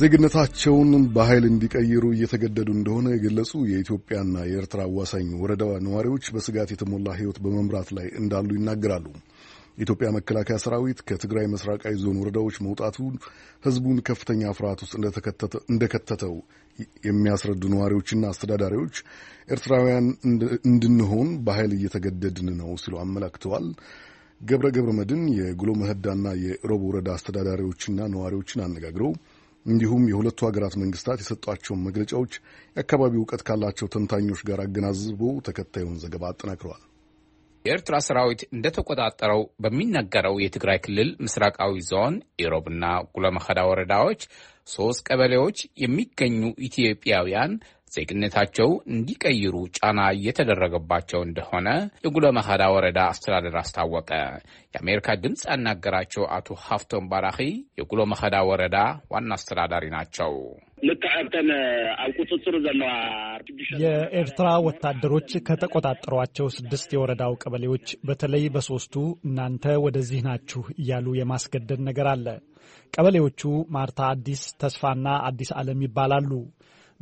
ዜግነታቸውን በኃይል እንዲቀይሩ እየተገደዱ እንደሆነ የገለጹ የኢትዮጵያና የኤርትራ አዋሳኝ ወረዳ ነዋሪዎች በስጋት የተሞላ ሕይወት በመምራት ላይ እንዳሉ ይናገራሉ። የኢትዮጵያ መከላከያ ሰራዊት ከትግራይ ምስራቃዊ ዞን ወረዳዎች መውጣቱ ሕዝቡን ከፍተኛ ፍርሃት ውስጥ እንደከተተው የሚያስረዱ ነዋሪዎችና አስተዳዳሪዎች ኤርትራውያን እንድንሆን በኃይል እየተገደድን ነው ሲሉ አመላክተዋል። ገብረ ገብረ መድን የጉሎ መህዳና የሮብ ወረዳ አስተዳዳሪዎችና ነዋሪዎችን አነጋግረው እንዲሁም የሁለቱ ሀገራት መንግስታት የሰጧቸውን መግለጫዎች የአካባቢው እውቀት ካላቸው ተንታኞች ጋር አገናዝቦ ተከታዩን ዘገባ አጠናክረዋል። የኤርትራ ሰራዊት እንደተቆጣጠረው በሚነገረው የትግራይ ክልል ምስራቃዊ ዞን ኢሮብና ጉለመኸዳ ወረዳዎች ሶስት ቀበሌዎች የሚገኙ ኢትዮጵያውያን ዜግነታቸው እንዲቀይሩ ጫና እየተደረገባቸው እንደሆነ የጉለመኸዳ ወረዳ አስተዳደር አስታወቀ። የአሜሪካ ድምፅ ያናገራቸው አቶ ሀፍቶም ባራኺ የጉለመኸዳ ወረዳ ዋና አስተዳዳሪ ናቸው። የኤርትራ ወታደሮች ከተቆጣጠሯቸው ስድስት የወረዳው ቀበሌዎች በተለይ በሶስቱ እናንተ ወደዚህ ናችሁ እያሉ የማስገደድ ነገር አለ። ቀበሌዎቹ ማርታ አዲስ፣ ተስፋና አዲስ ዓለም ይባላሉ።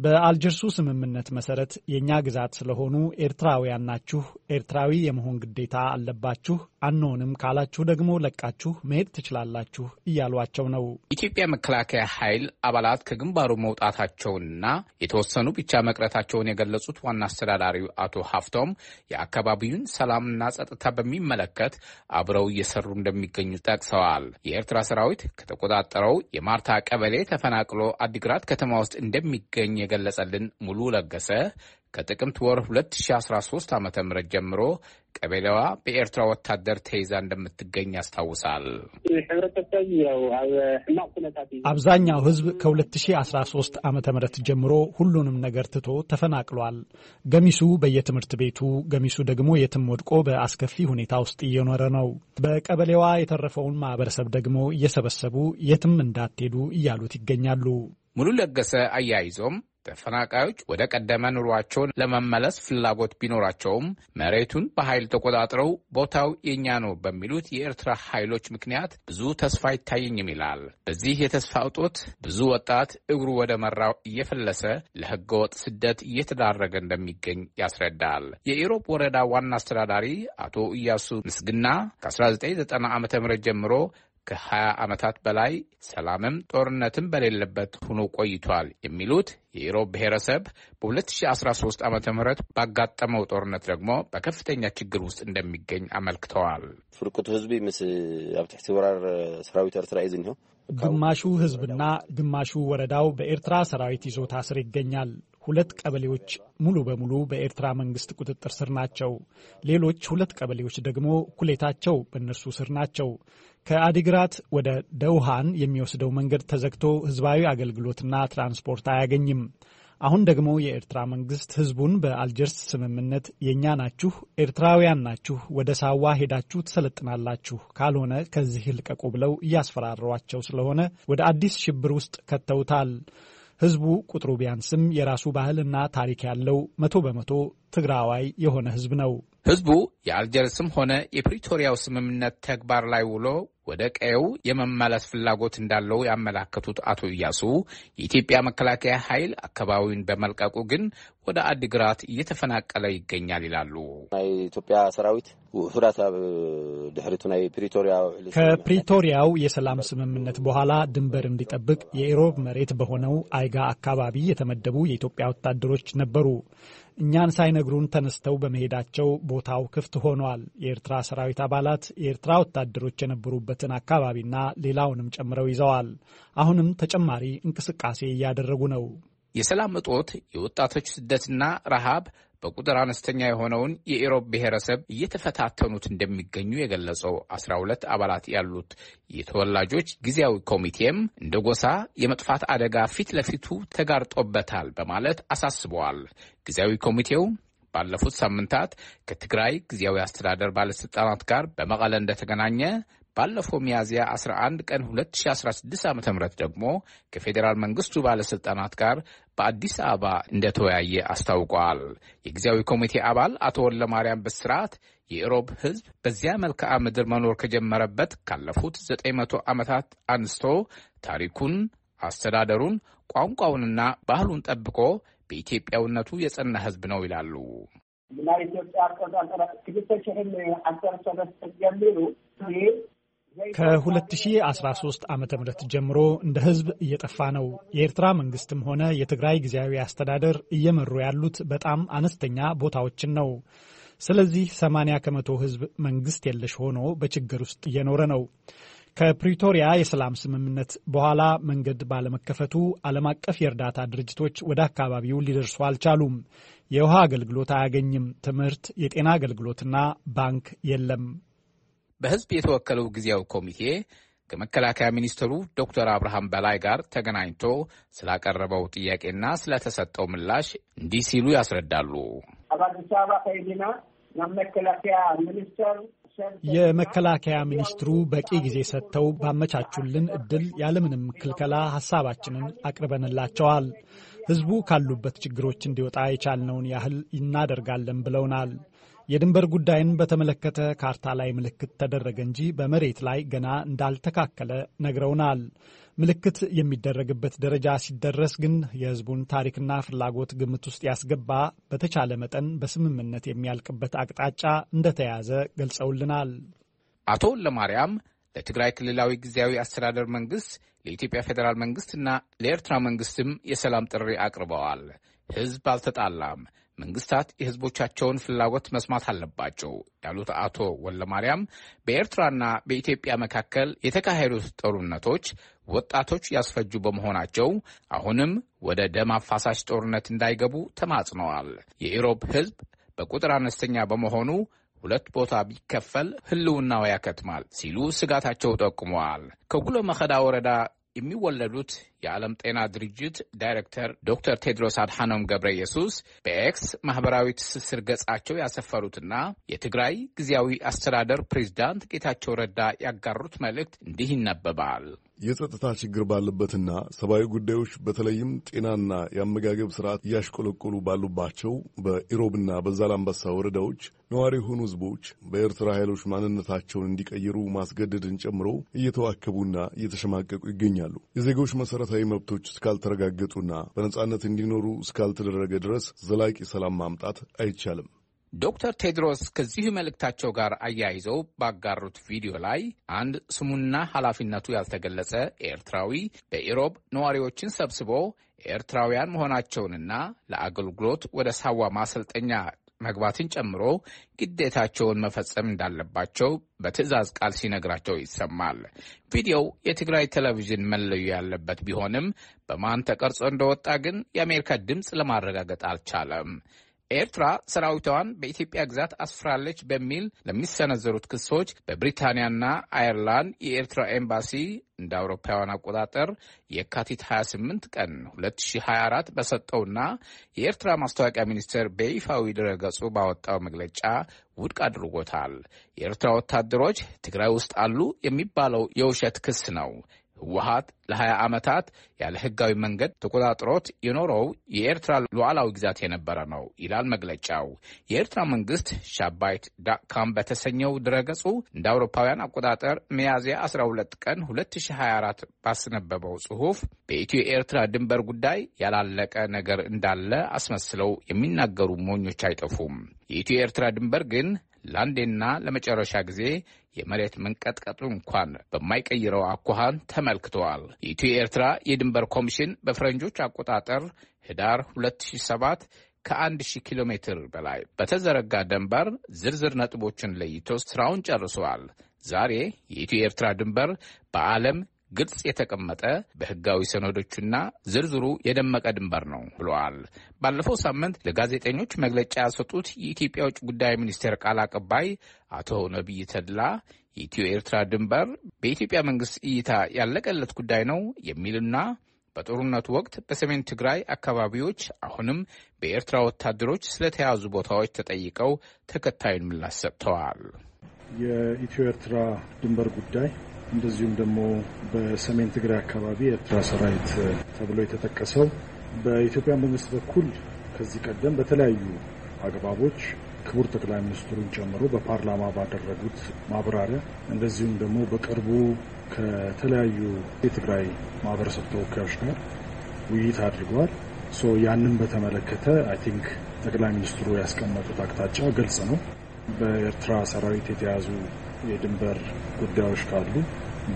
በአልጀርሱ ስምምነት መሰረት የእኛ ግዛት ስለሆኑ ኤርትራውያን ናችሁ፣ ኤርትራዊ የመሆን ግዴታ አለባችሁ፣ አንሆንም ካላችሁ ደግሞ ለቃችሁ መሄድ ትችላላችሁ እያሏቸው ነው። ኢትዮጵያ መከላከያ ኃይል አባላት ከግንባሩ መውጣታቸውንና የተወሰኑ ብቻ መቅረታቸውን የገለጹት ዋና አስተዳዳሪው አቶ ሀፍቶም የአካባቢውን ሰላምና ጸጥታ በሚመለከት አብረው እየሰሩ እንደሚገኙ ጠቅሰዋል። የኤርትራ ሰራዊት ከተቆጣጠረው የማርታ ቀበሌ ተፈናቅሎ አዲግራት ከተማ ውስጥ እንደሚገኝ የገለጸልን ሙሉ ለገሰ ከጥቅምት ወር 2013 ዓ ም ጀምሮ ቀበሌዋ በኤርትራ ወታደር ተይዛ እንደምትገኝ ያስታውሳል። አብዛኛው ሕዝብ ከ2013 ዓ ም ጀምሮ ሁሉንም ነገር ትቶ ተፈናቅሏል። ገሚሱ በየትምህርት ቤቱ፣ ገሚሱ ደግሞ የትም ወድቆ በአስከፊ ሁኔታ ውስጥ እየኖረ ነው። በቀበሌዋ የተረፈውን ማህበረሰብ ደግሞ እየሰበሰቡ የትም እንዳትሄዱ እያሉት ይገኛሉ። ሙሉ ለገሰ አያይዞም ተፈናቃዮች ወደ ቀደመ ኑሯቸውን ለመመለስ ፍላጎት ቢኖራቸውም መሬቱን በኃይል ተቆጣጥረው ቦታው የእኛ ነው በሚሉት የኤርትራ ኃይሎች ምክንያት ብዙ ተስፋ አይታየኝም ይላል። በዚህ የተስፋ እጦት ብዙ ወጣት እግሩ ወደ መራው እየፈለሰ ለህገወጥ ስደት እየተዳረገ እንደሚገኝ ያስረዳል። የኢሮብ ወረዳ ዋና አስተዳዳሪ አቶ ኢያሱ ምስግና ከ1990 ዓ ም ጀምሮ ከ20 ዓመታት በላይ ሰላምም ጦርነትም በሌለበት ሆኖ ቆይቷል የሚሉት የኢሮብ ብሔረሰብ በ2013 ዓ ም ባጋጠመው ጦርነት ደግሞ በከፍተኛ ችግር ውስጥ እንደሚገኝ አመልክተዋል። ፍርቁት ህዝቢ ምስ ኣብ ትሕቲ ወራር ሰራዊት ኤርትራ እዩ ዝኒሆ ግማሹ ህዝብና ግማሹ ወረዳው በኤርትራ ሰራዊት ይዞታ ስር ይገኛል። ሁለት ቀበሌዎች ሙሉ በሙሉ በኤርትራ መንግስት ቁጥጥር ስር ናቸው። ሌሎች ሁለት ቀበሌዎች ደግሞ እኩሌታቸው በእነርሱ ስር ናቸው። ከአዲግራት ወደ ደውሃን የሚወስደው መንገድ ተዘግቶ ህዝባዊ አገልግሎትና ትራንስፖርት አያገኝም። አሁን ደግሞ የኤርትራ መንግስት ህዝቡን በአልጀርስ ስምምነት የእኛ ናችሁ፣ ኤርትራውያን ናችሁ፣ ወደ ሳዋ ሄዳችሁ ትሰለጥናላችሁ፣ ካልሆነ ከዚህ ልቀቁ ብለው እያስፈራሯቸው ስለሆነ ወደ አዲስ ሽብር ውስጥ ከተውታል። ህዝቡ ቁጥሩ ቢያንስም የራሱ ባህልና ታሪክ ያለው መቶ በመቶ ትግራዋይ የሆነ ህዝብ ነው። ህዝቡ የአልጀርስም ሆነ የፕሪቶሪያው ስምምነት ተግባር ላይ ውሎ ወደ ቀየው የመመለስ ፍላጎት እንዳለው ያመላከቱት አቶ እያሱ የኢትዮጵያ መከላከያ ኃይል አካባቢውን በመልቀቁ ግን ወደ አዲግራት እየተፈናቀለ ይገኛል ይላሉ። ኢትዮጵያ ሰራዊት ከፕሪቶሪያው የሰላም ስምምነት በኋላ ድንበር እንዲጠብቅ የኢሮብ መሬት በሆነው አይጋ አካባቢ የተመደቡ የኢትዮጵያ ወታደሮች ነበሩ። እኛን ሳይነግሩን ተነስተው በመሄዳቸው ቦታው ክፍት ሆኗል። የኤርትራ ሰራዊት አባላት የኤርትራ ወታደሮች የነበሩበትን አካባቢና ሌላውንም ጨምረው ይዘዋል። አሁንም ተጨማሪ እንቅስቃሴ እያደረጉ ነው። የሰላም እጦት፣ የወጣቶች ስደትና ረሃብ በቁጥር አነስተኛ የሆነውን የኢሮብ ብሔረሰብ እየተፈታተኑት እንደሚገኙ የገለጸው አስራ ሁለት አባላት ያሉት የተወላጆች ጊዜያዊ ኮሚቴም እንደ ጎሳ የመጥፋት አደጋ ፊት ለፊቱ ተጋርጦበታል በማለት አሳስበዋል። ጊዜያዊ ኮሚቴው ባለፉት ሳምንታት ከትግራይ ጊዜያዊ አስተዳደር ባለሥልጣናት ጋር በመቀለ እንደተገናኘ ባለፈው ሚያዝያ 11 ቀን 2016 ዓ ም ደግሞ ከፌዴራል መንግስቱ ባለሥልጣናት ጋር በአዲስ አበባ እንደተወያየ አስታውቋል። የጊዜያዊ ኮሚቴ አባል አቶ ወለማርያም ብስራት የኢሮብ ሕዝብ በዚያ መልክዓ ምድር መኖር ከጀመረበት ካለፉት 900 ዓመታት አንስቶ ታሪኩን፣ አስተዳደሩን፣ ቋንቋውንና ባህሉን ጠብቆ በኢትዮጵያዊነቱ የጸና ሕዝብ ነው ይላሉ። ናይ ኢትዮጵያ አቆጣጠር ሽሕን ዓሰርተ ሰለስተ ጀሚሩ ከ2013 ዓ ም ጀምሮ እንደ ህዝብ እየጠፋ ነው። የኤርትራ መንግስትም ሆነ የትግራይ ጊዜያዊ አስተዳደር እየመሩ ያሉት በጣም አነስተኛ ቦታዎችን ነው። ስለዚህ 80 ከመቶ ህዝብ መንግስት የለሽ ሆኖ በችግር ውስጥ እየኖረ ነው። ከፕሪቶሪያ የሰላም ስምምነት በኋላ መንገድ ባለመከፈቱ ዓለም አቀፍ የእርዳታ ድርጅቶች ወደ አካባቢው ሊደርሱ አልቻሉም። የውሃ አገልግሎት አያገኝም። ትምህርት፣ የጤና አገልግሎትና ባንክ የለም። በህዝብ የተወከለው ጊዜያዊ ኮሚቴ ከመከላከያ ሚኒስትሩ ዶክተር አብርሃም በላይ ጋር ተገናኝቶ ስላቀረበው ጥያቄና ስለተሰጠው ምላሽ እንዲህ ሲሉ ያስረዳሉ። የመከላከያ ሚኒስትሩ በቂ ጊዜ ሰጥተው ባመቻቹልን እድል ያለምንም ክልከላ ሀሳባችንን አቅርበንላቸዋል። ህዝቡ ካሉበት ችግሮች እንዲወጣ የቻልነውን ያህል እናደርጋለን ብለውናል። የድንበር ጉዳይን በተመለከተ ካርታ ላይ ምልክት ተደረገ እንጂ በመሬት ላይ ገና እንዳልተካከለ ነግረውናል። ምልክት የሚደረግበት ደረጃ ሲደረስ ግን የሕዝቡን ታሪክና ፍላጎት ግምት ውስጥ ያስገባ በተቻለ መጠን በስምምነት የሚያልቅበት አቅጣጫ እንደተያዘ ገልጸውልናል። አቶ ለማርያም ለትግራይ ክልላዊ ጊዜያዊ አስተዳደር መንግስት፣ ለኢትዮጵያ ፌዴራል መንግስትና ለኤርትራ መንግስትም የሰላም ጥሪ አቅርበዋል። ሕዝብ አልተጣላም። መንግስታት የህዝቦቻቸውን ፍላጎት መስማት አለባቸው ያሉት አቶ ወለማርያም በኤርትራና በኢትዮጵያ መካከል የተካሄዱት ጦርነቶች ወጣቶች ያስፈጁ በመሆናቸው አሁንም ወደ ደም አፋሳሽ ጦርነት እንዳይገቡ ተማጽነዋል። የኢሮብ ህዝብ በቁጥር አነስተኛ በመሆኑ ሁለት ቦታ ቢከፈል ህልውናው ያከትማል ሲሉ ስጋታቸው ጠቁመዋል። ከጉሎ መኸዳ ወረዳ የሚወለዱት የዓለም ጤና ድርጅት ዳይሬክተር ዶክተር ቴድሮስ አድሓኖም ገብረ ኢየሱስ በኤክስ ማህበራዊ ትስስር ገጻቸው ያሰፈሩትና የትግራይ ጊዜያዊ አስተዳደር ፕሬዚዳንት ጌታቸው ረዳ ያጋሩት መልእክት እንዲህ ይነበባል። የጸጥታ ችግር ባለበትና ሰብአዊ ጉዳዮች በተለይም ጤናና የአመጋገብ ስርዓት እያሽቆለቆሉ ባሉባቸው በኢሮብና በዛላምበሳ ወረዳዎች ነዋሪ የሆኑ ህዝቦች በኤርትራ ኃይሎች ማንነታቸውን እንዲቀይሩ ማስገደድን ጨምሮ እየተዋከቡና እየተሸማቀቁ ይገኛሉ። የዜጎች መሠረታዊ መብቶች እስካልተረጋገጡና በነጻነት እንዲኖሩ እስካልተደረገ ድረስ ዘላቂ ሰላም ማምጣት አይቻልም። ዶክተር ቴድሮስ ከዚህ መልእክታቸው ጋር አያይዘው ባጋሩት ቪዲዮ ላይ አንድ ስሙና ኃላፊነቱ ያልተገለጸ ኤርትራዊ በኢሮብ ነዋሪዎችን ሰብስቦ ኤርትራውያን መሆናቸውንና ለአገልግሎት ወደ ሳዋ ማሰልጠኛ መግባትን ጨምሮ ግዴታቸውን መፈጸም እንዳለባቸው በትዕዛዝ ቃል ሲነግራቸው ይሰማል። ቪዲዮው የትግራይ ቴሌቪዥን መለዩ ያለበት ቢሆንም በማን ተቀርጾ እንደወጣ ግን የአሜሪካ ድምፅ ለማረጋገጥ አልቻለም። ኤርትራ ሰራዊቷን በኢትዮጵያ ግዛት አስፍራለች በሚል ለሚሰነዘሩት ክሶች በብሪታንያና አየርላንድ የኤርትራ ኤምባሲ እንደ አውሮፓውያን አቆጣጠር የካቲት 28 ቀን 2024 በሰጠውና የኤርትራ ማስታወቂያ ሚኒስቴር በይፋዊ ድረገጹ ባወጣው መግለጫ ውድቅ አድርጎታል። የኤርትራ ወታደሮች ትግራይ ውስጥ አሉ የሚባለው የውሸት ክስ ነው። ህወሀት ለ20 ዓመታት ያለ ህጋዊ መንገድ ተቆጣጥሮት የኖረው የኤርትራ ሉዓላዊ ግዛት የነበረ ነው ይላል መግለጫው። የኤርትራ መንግስት ሻባይት ዳካም በተሰኘው ድረገጹ እንደ አውሮፓውያን አቆጣጠር ሚያዝያ 12 ቀን 2024 ባስነበበው ጽሁፍ በኢትዮ ኤርትራ ድንበር ጉዳይ ያላለቀ ነገር እንዳለ አስመስለው የሚናገሩ ሞኞች አይጠፉም። የኢትዮ ኤርትራ ድንበር ግን ለአንዴና ለመጨረሻ ጊዜ የመሬት መንቀጥቀጡ እንኳን በማይቀይረው አኳኋን ተመልክተዋል። የኢትዮ ኤርትራ የድንበር ኮሚሽን በፈረንጆች አቆጣጠር ህዳር 2007 ከ1000 ኪሎ ሜትር በላይ በተዘረጋ ደንበር ዝርዝር ነጥቦችን ለይቶ ስራውን ጨርሰዋል። ዛሬ የኢትዮ ኤርትራ ድንበር በዓለም ግልጽ የተቀመጠ በህጋዊ ሰነዶችና ዝርዝሩ የደመቀ ድንበር ነው ብለዋል። ባለፈው ሳምንት ለጋዜጠኞች መግለጫ ያሰጡት የኢትዮጵያ ውጭ ጉዳይ ሚኒስቴር ቃል አቀባይ አቶ ነቢይ ተድላ የኢትዮ ኤርትራ ድንበር በኢትዮጵያ መንግስት እይታ ያለቀለት ጉዳይ ነው የሚልና በጦርነቱ ወቅት በሰሜን ትግራይ አካባቢዎች አሁንም በኤርትራ ወታደሮች ስለተያዙ ቦታዎች ተጠይቀው ተከታዩን ምላሽ ሰጥተዋል። የኢትዮ ኤርትራ ድንበር ጉዳይ እንደዚሁም ደግሞ በሰሜን ትግራይ አካባቢ የኤርትራ ሰራዊት ተብሎ የተጠቀሰው በኢትዮጵያ መንግስት በኩል ከዚህ ቀደም በተለያዩ አግባቦች ክቡር ጠቅላይ ሚኒስትሩን ጨምሮ በፓርላማ ባደረጉት ማብራሪያ እንደዚሁም ደግሞ በቅርቡ ከተለያዩ የትግራይ ማህበረሰብ ተወካዮች ጋር ውይይት አድርገዋል። ሶ ያንን በተመለከተ አይ ቲንክ ጠቅላይ ሚኒስትሩ ያስቀመጡት አቅጣጫ ግልጽ ነው። በኤርትራ ሰራዊት የተያዙ የድንበር ጉዳዮች ካሉ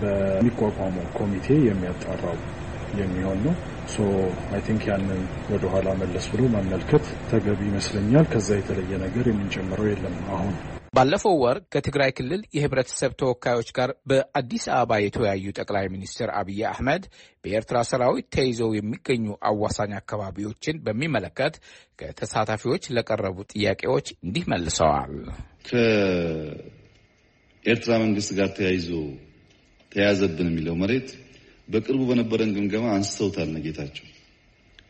በሚቋቋመው ኮሚቴ የሚያጣራው የሚሆን ነው። ሶ አይ ቲንክ ያንን ወደኋላ መለስ ብሎ መመልከት ተገቢ ይመስለኛል። ከዛ የተለየ ነገር የምንጨምረው የለም አሁን ባለፈው ወር ከትግራይ ክልል የህብረተሰብ ተወካዮች ጋር በአዲስ አበባ የተወያዩ ጠቅላይ ሚኒስትር አብይ አህመድ በኤርትራ ሰራዊት ተይዘው የሚገኙ አዋሳኝ አካባቢዎችን በሚመለከት ከተሳታፊዎች ለቀረቡ ጥያቄዎች እንዲህ መልሰዋል። ከኤርትራ መንግስት ጋር ተያይዞ ተያዘብን የሚለው መሬት በቅርቡ በነበረን ግምገማ አንስተውታል። ነጌታቸው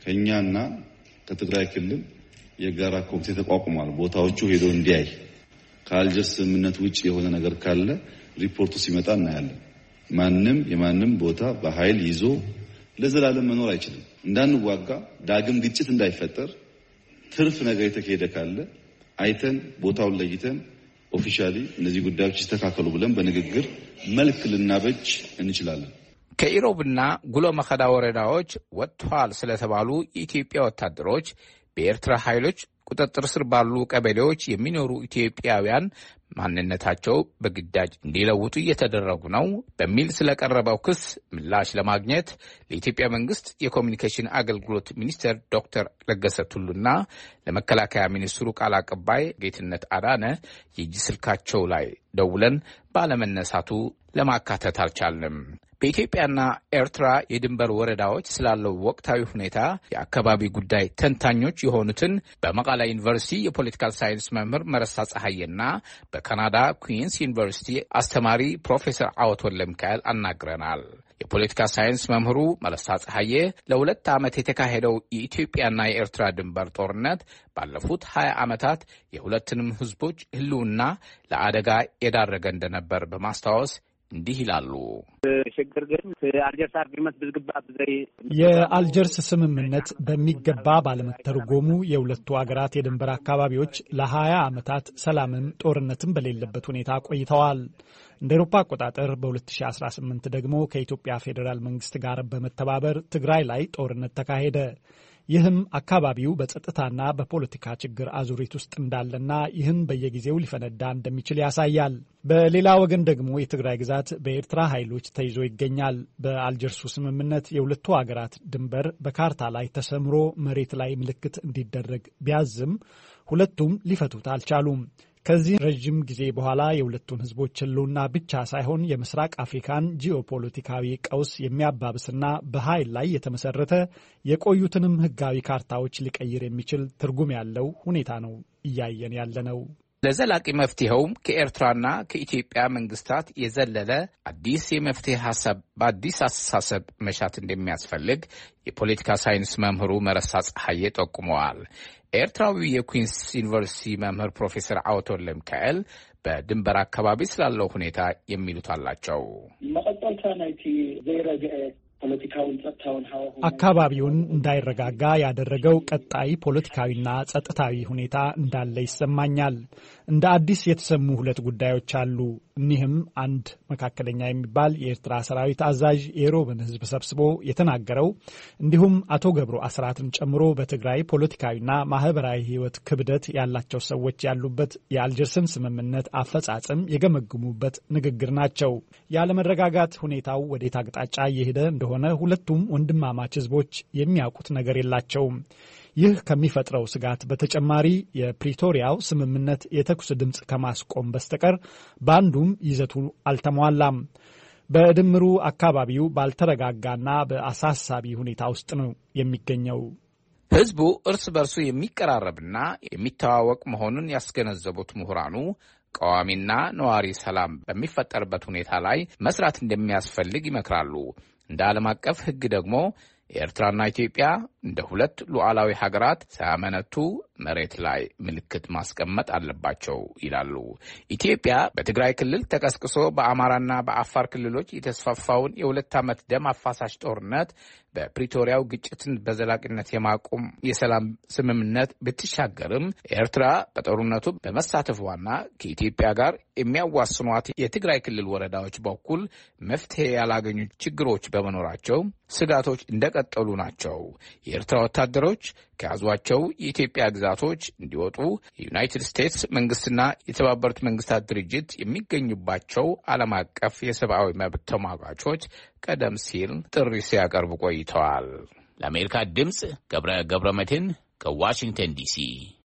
ከእኛና ከትግራይ ክልል የጋራ ኮሚቴ ተቋቁሟል። ቦታዎቹ ሄዶ እንዲያይ ከአልጀር ስምምነት ውጭ የሆነ ነገር ካለ ሪፖርቱ ሲመጣ እናያለን። ማንም የማንም ቦታ በኃይል ይዞ ለዘላለም መኖር አይችልም። እንዳንዋጋ፣ ዳግም ግጭት እንዳይፈጠር ትርፍ ነገር የተካሄደ ካለ አይተን ቦታውን ለይተን ኦፊሻሊ እነዚህ ጉዳዮች ይስተካከሉ ብለን በንግግር መልክ ልናበጅ እንችላለን። ከኢሮብና ጉሎ መኸዳ ወረዳዎች ወጥተዋል ስለተባሉ የኢትዮጵያ ወታደሮች በኤርትራ ኃይሎች ቁጥጥር ስር ባሉ ቀበሌዎች የሚኖሩ ኢትዮጵያውያን ማንነታቸው በግዳጅ እንዲለውጡ እየተደረጉ ነው በሚል ስለቀረበው ክስ ምላሽ ለማግኘት ለኢትዮጵያ መንግስት የኮሚኒኬሽን አገልግሎት ሚኒስትር ዶክተር ለገሰ ቱሉና ለመከላከያ ሚኒስትሩ ቃል አቀባይ ጌትነት አዳነ የእጅ ስልካቸው ላይ ደውለን ባለመነሳቱ ለማካተት አልቻልንም። በኢትዮጵያና ኤርትራ የድንበር ወረዳዎች ስላለው ወቅታዊ ሁኔታ የአካባቢ ጉዳይ ተንታኞች የሆኑትን በመቃላ ዩኒቨርሲቲ የፖለቲካል ሳይንስ መምህር መረሳ ፀሐይና በካናዳ ኩዊንስ ዩኒቨርሲቲ አስተማሪ ፕሮፌሰር አወቶለ ሚካኤል አናግረናል። የፖለቲካ ሳይንስ መምህሩ መለሳ ፀሐዬ ለሁለት ዓመት የተካሄደው የኢትዮጵያና የኤርትራ ድንበር ጦርነት ባለፉት ሀያ ዓመታት የሁለትንም ሕዝቦች ሕልውና ለአደጋ የዳረገ እንደነበር በማስታወስ እንዲህ ይላሉ። የአልጀርስ ስምምነት በሚገባ ባለመተርጎሙ የሁለቱ አገራት የድንበር አካባቢዎች ለሀያ ዓመታት ሰላምም ጦርነትም በሌለበት ሁኔታ ቆይተዋል። እንደ ኤሮፓ አቆጣጠር በ2018 ደግሞ ከኢትዮጵያ ፌዴራል መንግስት ጋር በመተባበር ትግራይ ላይ ጦርነት ተካሄደ። ይህም አካባቢው በጸጥታና በፖለቲካ ችግር አዙሪት ውስጥ እንዳለና ይህም በየጊዜው ሊፈነዳ እንደሚችል ያሳያል። በሌላ ወገን ደግሞ የትግራይ ግዛት በኤርትራ ኃይሎች ተይዞ ይገኛል። በአልጀርሱ ስምምነት የሁለቱ ሀገራት ድንበር በካርታ ላይ ተሰምሮ መሬት ላይ ምልክት እንዲደረግ ቢያዝም ሁለቱም ሊፈቱት አልቻሉም። ከዚህ ረዥም ጊዜ በኋላ የሁለቱን ህዝቦች ህልውና ብቻ ሳይሆን የምስራቅ አፍሪካን ጂኦፖለቲካዊ ቀውስ የሚያባብስና በኃይል ላይ የተመሰረተ የቆዩትንም ህጋዊ ካርታዎች ሊቀይር የሚችል ትርጉም ያለው ሁኔታ ነው እያየን ያለነው። ለዘላቂ መፍትሄውም ከኤርትራና ከኢትዮጵያ መንግስታት የዘለለ አዲስ የመፍትሄ ሀሳብ በአዲስ አስተሳሰብ መሻት እንደሚያስፈልግ የፖለቲካ ሳይንስ መምህሩ መረሳ ጸሐዬ ጠቁመዋል። ኤርትራዊ የኩዊንስ ዩኒቨርሲቲ መምህር ፕሮፌሰር አወቶን ሚካኤል በድንበር አካባቢ ስላለው ሁኔታ የሚሉት አላቸው። መቀጠልታ ናይቲ ዘይረግአ ፖለቲካውን ጸጥታውን አካባቢውን እንዳይረጋጋ ያደረገው ቀጣይ ፖለቲካዊና ጸጥታዊ ሁኔታ እንዳለ ይሰማኛል። እንደ አዲስ የተሰሙ ሁለት ጉዳዮች አሉ። እኒህም አንድ መካከለኛ የሚባል የኤርትራ ሰራዊት አዛዥ የሮብን ህዝብ ሰብስቦ የተናገረው እንዲሁም አቶ ገብሩ አስራትን ጨምሮ በትግራይ ፖለቲካዊና ማህበራዊ ህይወት ክብደት ያላቸው ሰዎች ያሉበት የአልጀርስን ስምምነት አፈጻጸም የገመግሙበት ንግግር ናቸው። ያለመረጋጋት ሁኔታው ወዴት አቅጣጫ እየሄደ እንደሆነ ሁለቱም ወንድማማች ህዝቦች የሚያውቁት ነገር የላቸውም። ይህ ከሚፈጥረው ስጋት በተጨማሪ የፕሪቶሪያው ስምምነት የተኩስ ድምፅ ከማስቆም በስተቀር በአንዱም ይዘቱ አልተሟላም። በድምሩ አካባቢው ባልተረጋጋና በአሳሳቢ ሁኔታ ውስጥ ነው የሚገኘው። ህዝቡ እርስ በርሱ የሚቀራረብና የሚተዋወቅ መሆኑን ያስገነዘቡት ምሁራኑ ቀዋሚና ነዋሪ ሰላም በሚፈጠርበት ሁኔታ ላይ መስራት እንደሚያስፈልግ ይመክራሉ። እንደ ዓለም አቀፍ ህግ ደግሞ የኤርትራና ኢትዮጵያ እንደ ሁለት ሉዓላዊ ሀገራት ሳያመነቱ መሬት ላይ ምልክት ማስቀመጥ አለባቸው ይላሉ። ኢትዮጵያ በትግራይ ክልል ተቀስቅሶ በአማራና በአፋር ክልሎች የተስፋፋውን የሁለት ዓመት ደም አፋሳሽ ጦርነት በፕሪቶሪያው ግጭትን በዘላቂነት የማቆም የሰላም ስምምነት ብትሻገርም ኤርትራ በጦርነቱ በመሳተፏና ከኢትዮጵያ ጋር የሚያዋስኗት የትግራይ ክልል ወረዳዎች በኩል መፍትሄ ያላገኙ ችግሮች በመኖራቸው ስጋቶች እንደቀጠሉ ናቸው። የኤርትራ ወታደሮች ከያዟቸው የኢትዮጵያ ግዛ ግዛቶች እንዲወጡ የዩናይትድ ስቴትስ መንግስትና የተባበሩት መንግስታት ድርጅት የሚገኙባቸው ዓለም አቀፍ የሰብአዊ መብት ተሟጋቾች ቀደም ሲል ጥሪ ሲያቀርቡ ቆይተዋል። ለአሜሪካ ድምፅ ገብረ ገብረ መድህን ከዋሽንግተን ዲሲ